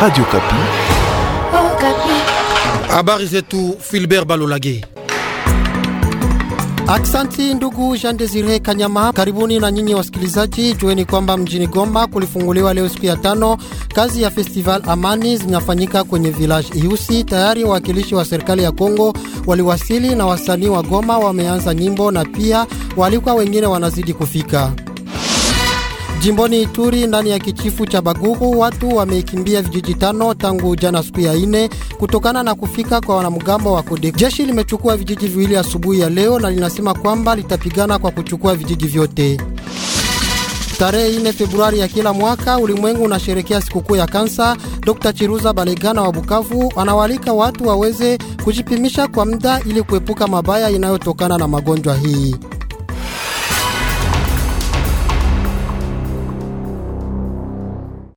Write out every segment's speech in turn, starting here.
Radio Kapi. Oh, Kapi. Habari zetu Filbert Balolage. Aksanti ndugu Jean Desire Kanyama, karibuni na nyinyi wasikilizaji. Jueni kwamba mjini Goma kulifunguliwa leo siku ya tano kazi ya Festival Amani zinafanyika kwenye village Iusi. Tayari wawakilishi wa serikali ya Kongo waliwasili na wasanii wa Goma wameanza nyimbo na pia walikuwa wengine wanazidi kufika. Jimboni Ituri ndani ya kichifu cha Bagugu watu wameikimbia vijiji tano tangu jana siku ya ine kutokana na kufika kwa wanamgambo wa Kodeko. Jeshi limechukua vijiji viwili asubuhi ya leo na linasema kwamba litapigana kwa kuchukua vijiji vyote. Tarehe 4 Februari ya kila mwaka ulimwengu unasherekea sikukuu ya kansa. Dr. Chiruza Balegana wa Bukavu anawalika watu waweze kujipimisha kwa muda ili kuepuka mabaya inayotokana na magonjwa hii.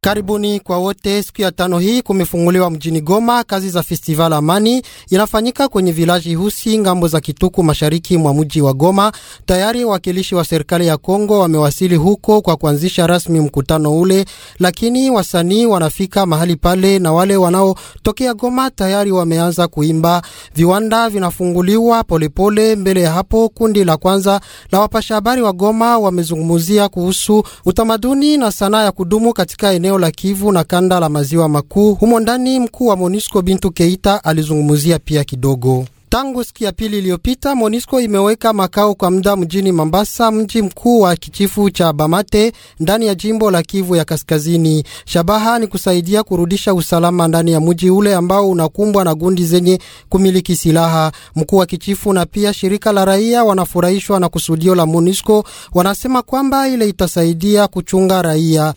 Karibuni kwa wote. Siku ya tano hii kumefunguliwa mjini Goma kazi za festival Amani, inafanyika kwenye vilaji husi ngambo za Kituku, mashariki mwa mji wa Goma. Tayari wawakilishi wa serikali ya Kongo wamewasili huko kwa kuanzisha rasmi mkutano ule, lakini wasanii wanafika mahali pale na wale wanaotokea Goma tayari wameanza kuimba. Viwanda vinafunguliwa polepole pole. Mbele ya hapo kundi la kwanza la wapasha habari wa Goma wamezungumzia kuhusu utamaduni na sanaa ya kudumu katika eneo eneo la Kivu na kanda la maziwa makuu. Humo ndani mkuu wa MONUSCO Bintu Keita alizungumzia pia kidogo Tangu siku ya pili iliyopita MONUSCO imeweka makao kwa muda mjini Mambasa, mji mkuu wa kichifu cha Bamate ndani ya jimbo la Kivu ya Kaskazini. Shabaha ni kusaidia kurudisha usalama ndani ya mji ule ambao unakumbwa na gundi zenye kumiliki silaha. Mkuu wa kichifu na pia shirika la raia wanafurahishwa na kusudio la MONUSCO, wanasema kwamba ile itasaidia kuchunga raia.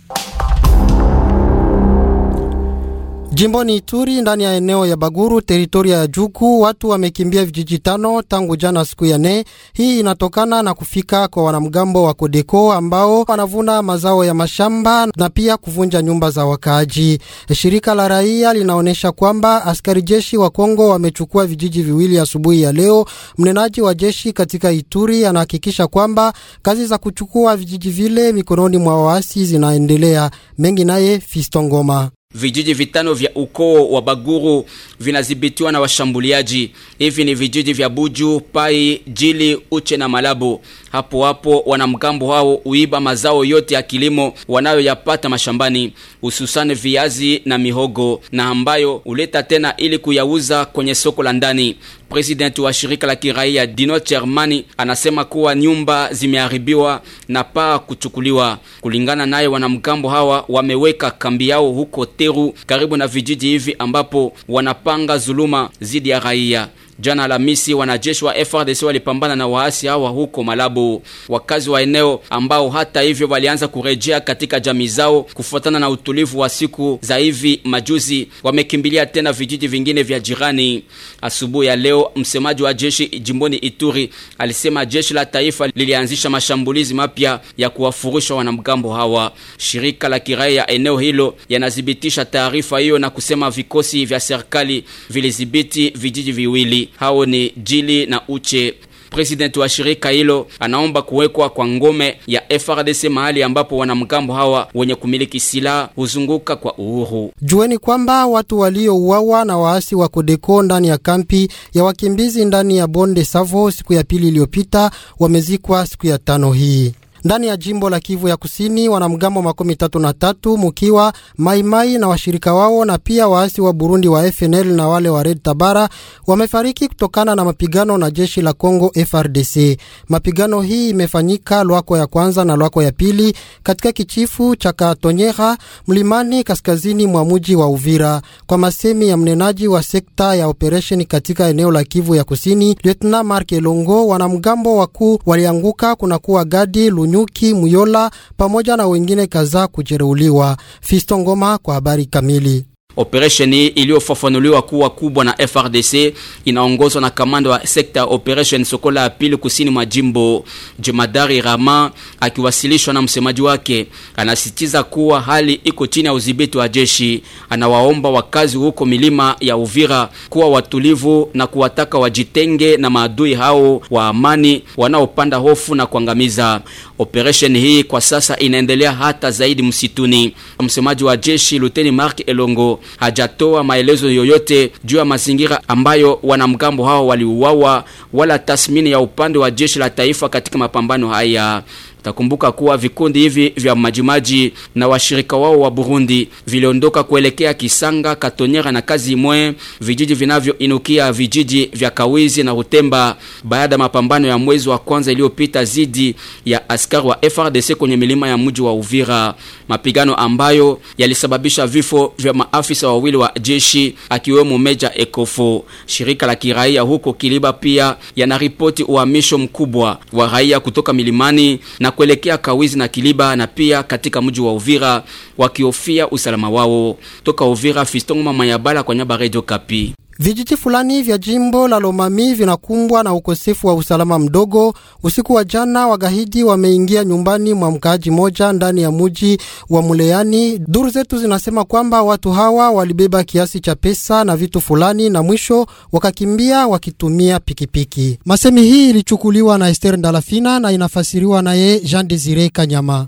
Jimboni Ituri, ndani ya eneo ya Baguru, teritoria ya juku watu wamekimbia vijiji tano tangu jana siku ya nne. Hii inatokana na kufika kwa wanamgambo wa Kodeko ambao wanavuna mazao ya mashamba na pia kuvunja nyumba za wakaaji. Shirika la raia linaonyesha kwamba askari jeshi wa Kongo wamechukua vijiji viwili asubuhi ya, ya leo. Mnenaji wa jeshi katika Ituri anahakikisha kwamba kazi za kuchukua vijiji vile mikononi mwa waasi zinaendelea. Mengi naye fistongoma Ngoma. Vijiji vitano vya ukoo wa Baguru vinadhibitiwa na washambuliaji. Hivi ni vijiji vya Buju, Pai, Jili, Uche na Malabu. Hapo hapo wanamgambo hao huiba mazao yote ya kilimo wanayoyapata mashambani, hususani viazi na mihogo, na ambayo huleta tena ili kuyauza kwenye soko la ndani. Presidenti wa shirika la kiraia Dino Chermani anasema kuwa nyumba zimeharibiwa na paa kuchukuliwa. Kulingana naye, wanamgambo hawa wameweka kambi yao huko Teru karibu na vijiji hivi ambapo wanapanga zuluma zidi ya raia. Jana Alhamisi, wanajeshi wa FRDC walipambana na waasi hawa huko Malabo. Wakazi wa eneo ambao hata hivyo walianza kurejea katika jamii zao kufuatana na utulivu wa siku za hivi majuzi, wamekimbilia tena vijiji vingine vya jirani. Asubuhi ya leo, msemaji wa jeshi jimboni Ituri alisema jeshi la taifa lilianzisha mashambulizi mapya ya kuwafurusha wanamgambo hawa. Shirika la kiraia ya eneo hilo yanathibitisha taarifa hiyo na kusema vikosi vya serikali vilidhibiti vijiji viwili. Hao ni Jili na Uche. President wa shirika hilo anaomba kuwekwa kwa ngome ya FRDC mahali ambapo wanamgambo hawa wenye kumiliki silaha huzunguka kwa uhuru. Jueni kwamba watu waliouawa na waasi wa Kodeko ndani ya kampi ya wakimbizi ndani ya Bonde Savo siku ya pili iliyopita wamezikwa siku ya tano hii ndani ya jimbo la Kivu ya Kusini, wanamgambo makumi tatu na tatu mukiwa Maimai mai na washirika wao na pia waasi wa Burundi wa FNL na wale wa Red Tabara wamefariki kutokana na mapigano na jeshi la Congo FRDC. Mapigano hii imefanyika Lwako ya kwanza na Lwako ya pili katika kichifu cha Katonyeha mlimani kaskazini mwa mji wa Uvira, kwa masemi ya mnenaji wa sekta ya operesheni katika eneo la Kivu ya Kusini, Lieutenant Mark Elongo, wanamgambo wakuu walianguka kunakuwa Gadi Lunyo Nyuki Muyola pamoja na wengine kadhaa kujeruhiwa. Fisto Ngoma kwa habari kamili. Operesheni iliyofafanuliwa kuwa kubwa na FRDC inaongozwa na kamanda wa sekta Operation Sokola ya pili kusini mwa jimbo Jemadari Rama, akiwasilishwa na msemaji wake, anasitiza kuwa hali iko chini ya udhibiti wa jeshi. Anawaomba wakazi huko milima ya Uvira kuwa watulivu na kuwataka wajitenge na maadui hao wa amani wanaopanda hofu na kuangamiza. Operation hii kwa sasa inaendelea hata zaidi msituni. Msemaji wa jeshi Luteni Mark Elongo hajatoa maelezo yoyote juu ya mazingira ambayo wanamgambo hao waliuawa wala tasmini ya upande wa jeshi la taifa katika mapambano haya. Takumbuka kuwa vikundi hivi vya majimaji na washirika wao wa Burundi viliondoka kuelekea Kisanga, Katonyera na kazi mwe vijiji vinavyoinukia vijiji vya Kawizi na Rutemba, baada ya mapambano ya mwezi wa kwanza iliyopita zidi ya askari wa FRDC kwenye milima ya mji wa Uvira, mapigano ambayo yalisababisha vifo vya maafisa wawili wa jeshi akiwemo Meja Ekofo. Shirika la kiraia huko Kiliba pia yanaripoti uhamisho mkubwa wa raia kutoka milimani na kuelekea Kawizi na Kiliba na pia katika mji wa Uvira wakihofia usalama wao. Toka Uvira, Fiston Mama ya Bala kwa nyaba Radio Kapi. Vijiji fulani vya jimbo la Lomami vinakumbwa na ukosefu wa usalama mdogo. Usiku wa jana, wagahidi wameingia nyumbani mwa mkaaji moja ndani ya muji wa Muleani. Duru zetu zinasema kwamba watu hawa walibeba kiasi cha pesa na vitu fulani, na mwisho wakakimbia wakitumia pikipiki. Masemi hii ilichukuliwa na Ester Ndalafina na inafasiriwa naye Jean Desire Kanyama.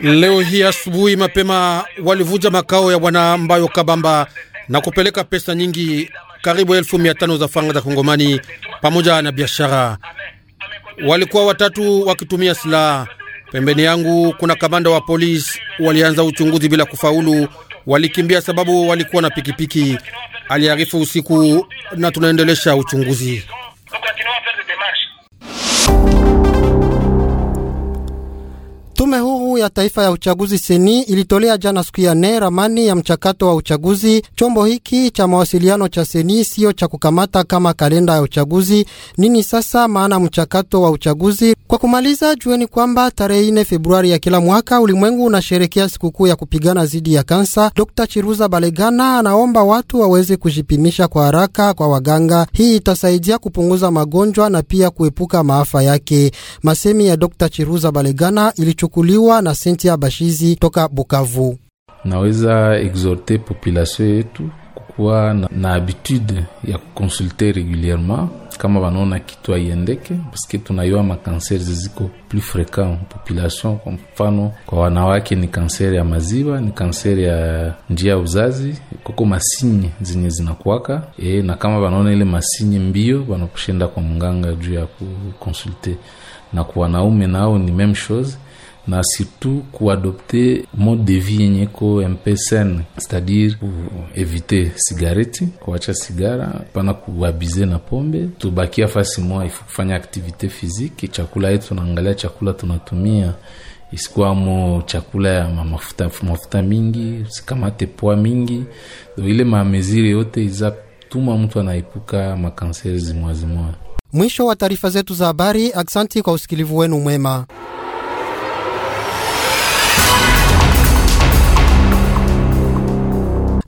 Leo hii asubuhi mapema walivuja makao ya bwana Mbayo Kabamba na kupeleka pesa nyingi karibu elfu mia tano za faranga za Kongomani pamoja na biashara. Walikuwa watatu wakitumia silaha. Pembeni yangu kuna kamanda wa polisi, walianza uchunguzi bila kufaulu, walikimbia sababu walikuwa na pikipiki, aliarifu usiku, na tunaendelesha uchunguzi. ya Taifa ya Uchaguzi seni ilitolea jana siku ya nne ramani ya mchakato wa uchaguzi. Chombo hiki cha mawasiliano cha seni siyo cha kukamata kama kalenda ya uchaguzi. Nini sasa maana mchakato wa uchaguzi? Kwa kumaliza, jueni kwamba tarehe ine Februari ya kila mwaka ulimwengu unasherekea sikukuu ya kupigana dhidi ya kansa. Dr Chiruza Balegana anaomba watu waweze kujipimisha kwa haraka kwa waganga. Hii itasaidia kupunguza magonjwa na pia kuepuka maafa yake. Masemi ya Dr Chiruza Balegana ilichukuliwa na Cynthia Bashizi toka Bukavu. Naweza exhorte population yetu kukuwa na, na habitude ya kukonsulte regulierement kama wanaona kitu aiendeke, paske tunaiwa makanseri ziziko plus frequent population. Kwa mfano kwa wanawake ni kanseri ya maziwa, ni kanseri ya njia ya uzazi, kuko masinyi zenye zinakuwaka e, na kama wanaona ile masinyi mbio wanakushenda kwa mganga juu ya kukonsulte. Na kwa wanaume nao ni meme chose na surtout kuadopte mode de vie yenye ko mpsn c'est-à-dire kuevite sigareti kuacha sigara pana kuabize na pombe tubakia fasi moja ifu kufanya aktivite fiziki chakula yetu tunaangalia chakula tunatumia isikuwamo chakula ya mafuta, mafuta mingi sikamate poa mingi do ile mamezire yote iza tuma mtu anaepuka makanseri zimwazimwa mwisho wa taarifa zetu za habari aksanti kwa usikilivu wenu mwema